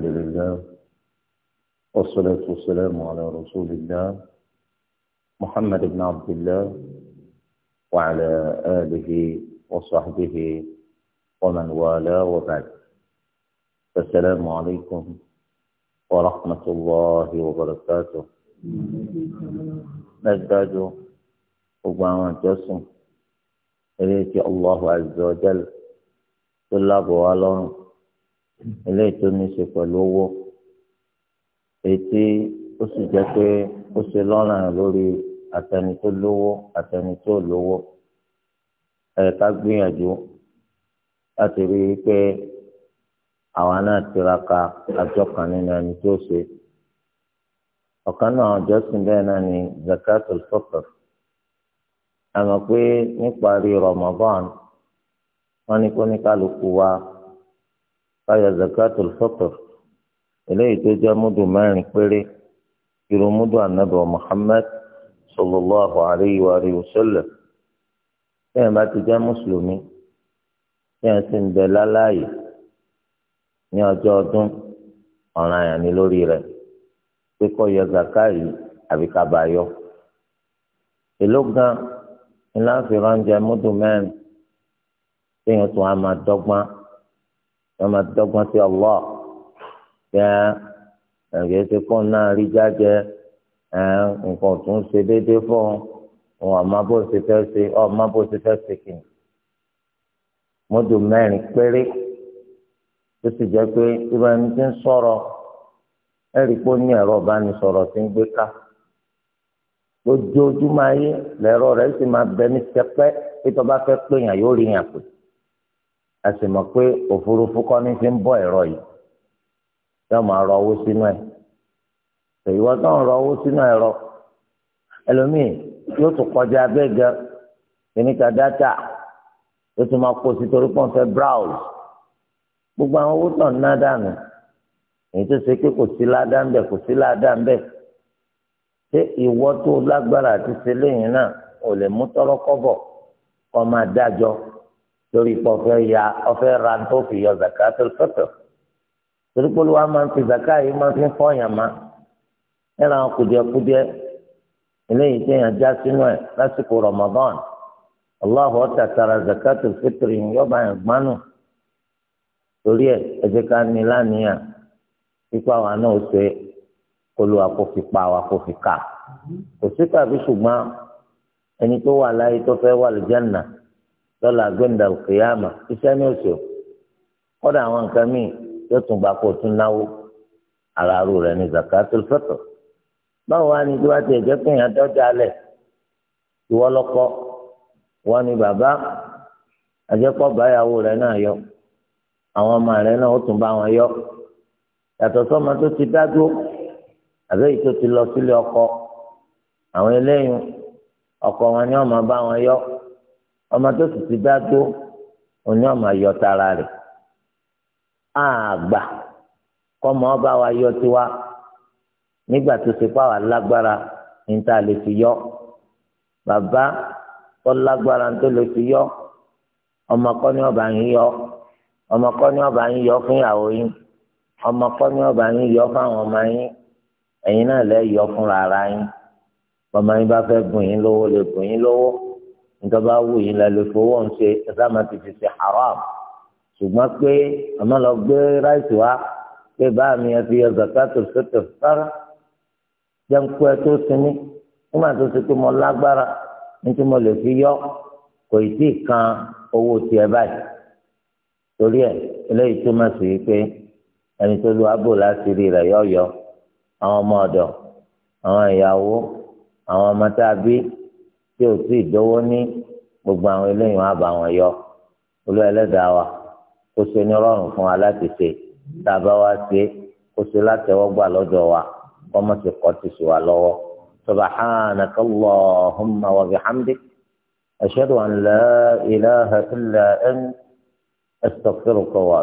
الحمد لله والصلاة والسلام على رسول الله محمد بن عبد الله وعلى آله وصحبه ومن والاه وبعد السلام عليكم ورحمة الله وبركاته نزداد أبوان جسم إليك الله عز وجل طلاب والله eléyìí tó ní í ṣe pẹ̀lú owó ètí ó sì jẹ́ pé ó ṣe lọ́ràn lórí àtẹni tó lówó àtẹni tó lówó ẹ̀ka gbìyànjú láti rí i pé àwa náà tiraka àjọ kan nínú ẹni tó ṣe ọ̀kan náà jọ́sìn bẹ́ẹ̀ náà ni zakatul fitr àmọ́ pé níparí Ramadan wọ́n ní ní kálukú wa káyọ zakatul fitr eléyìí tó jẹ́ múdù mẹ́rin péré irú múdù ànábì Muhammad sallallahu alayhi wa alihi wa sallam bẹ́ẹ̀ bá ti jẹ́ mùsùlùmí bẹ́ẹ̀ sì ń bẹ láláàyè ní ọjọ́ ọdún ọ̀ràn àyàn ni lórí rẹ̀ pé kó yọ zaka yìí àbí ká yọ. èló gan ni láǹfìrán jẹ múdù mẹ́rin téèyàn tún á máa dọ́gbọ́n wọ́n máa dọ́gbọ́n sí ọlọ́ yẹ ẹ̀gẹ́ ti kún náà rí jáde ẹ̀ nǹkan tó ń ṣe déédéé fún wọn àmọ́ bó ṣe fẹ́ ṣe ọmọ bó ṣe fẹ́ ṣe kìnnì mọ́tò mẹ́rin péré tó sì jẹ́ pé ìbáni ti ń sọ̀rọ̀ ẹ̀rí pé ó ní ẹ̀rọ ìbánisọ̀rọ̀ tí ń gbé ká lójoojúmọ́ ayé lẹ̀rọ rẹ̀ sì máa bẹ ní sẹpẹ́ pé tó bá fẹ́ pé yàn yóò rí yàn pè a sì mọ̀ pé òfurufú kọ́ ní ti ń bọ́ ẹ̀rọ yìí yóò máa rọ owó sínú ẹ̀ ìwọ tó ń rọ owó sínú ẹ̀rọ ẹlòmíì yóò tún kọjá abẹ́gẹ kìnnìkà dátà yóò tún máa kó sí torí pọ́n fẹ́ browse gbogbo àwọn owó tó ń ná dànù èyí tó ṣe pé kò sí ládàá ńbẹ kò sí ládàá ńbẹ ṣé ìwọ tó lágbára àti ṣe lẹ́yìn náà ò lè mú tọrọ kọ́bọ̀ kọ máa dájọ́ lórí ipò ọ̀fẹ́ ya ọ̀fẹ́ ra fi yọ zakatul fitr torí pé olúwa máa ń fi zaka yìí máa fi ń fọyàn má ẹ̀rọ àwọn kùdìẹ̀kùdìẹ̀ eléyìí tí èèyàn já sínú ẹ̀ lásìkò Ramadan Allahu tàtàrà zakatul fitr yìí yọba yẹn gbánù torí ẹ̀ ẹ jẹ́ ká ní lánìyàn ipa wa náà ṣe olúwa kò fi pa wa kò fi kà kò sí tàbí ṣùgbọ́n ẹni tó wà láyé tó fẹ́ wà lójẹ́ náà lọ́la gbẹ̀ndà kìyàmà iṣẹ́ ní oṣù kọ́dà àwọn nǹkan míì yóò tún gbà kó tún náwó ara ru rẹ̀ ní zakatul fitr báwo wá ní tí wàá ti ẹ̀jẹ̀ pé èèyàn dọ́jà lẹ̀ ìwọ lọ́kọ́ wọn ni bàbá àjẹpọ̀ báyàwó rẹ̀ náà yọ àwọn ọmọ rẹ̀ náà ó tún bá wọn yọ yàtọ̀ sọ́mọ tó ti dájú àbẹ́yìí tó ti lọ sílé ọkọ àwọn eléyìí ọkọ wọn ni wọn máa bá wọn yọ ọmọ tó sì ti dá tó òní ọmọ yọ tara rẹ̀ àgbà kọ́mọ ọba wa yọ tiwa nígbà tó ti pa wà lágbára níta lè fi yọ bàbá tó lágbára tó lè fi yọ ọmọ kọ́ ni ọba yín yọ ọmọ kọ́ ni ọba yín yọ fún ìyàwó yín ọmọ kọ́ ni ọba yín yọ fáwọn ọmọ yín ẹ̀yin náà lẹ́ fúnra ara yín ọmọ yín bá fẹ́ bùn yín lówó lè bùn yín lówó nítorí awò yìí la lè fowó ń ṣe ẹ̀sàmà ti fi ṣe haram ṣùgbọ́n pé àmọ́ lọ gbé ráìsì wá pé báà mi ẹ fi yọ zakatul fitr sára jẹ́ ń kú ẹ tó sinmi nígbà tó ṣe pé mo lágbára ní tí mo lè fi yọ kò ì tí kan owó tiẹ̀ báyìí torí ẹ̀ eléyìí túmọ̀ sí pé ẹni tó lu abò láti rí rẹ̀ yọ̀ọ̀yọ̀ àwọn ọmọ ọ̀dọ̀ àwọn ìyàwó àwọn ọmọ tá a bí tí ò tí ì dọ́wọ́ ní gbogbo àwọn eléyìí wọn àbá wọn yọ olú ẹlẹ́dàá wa kó ṣe ní rọrùn fún wa láti ṣe tá a bá wá ṣe kó ṣe látẹ̀wọ́gbà lọ́dọ̀ wa kọ́mọ ti kọ́ ti sùn wa lọ́wọ́ subhanaka allahumma wa bihamdik ashhadu an la ilaha illa ant astaghfiruka wa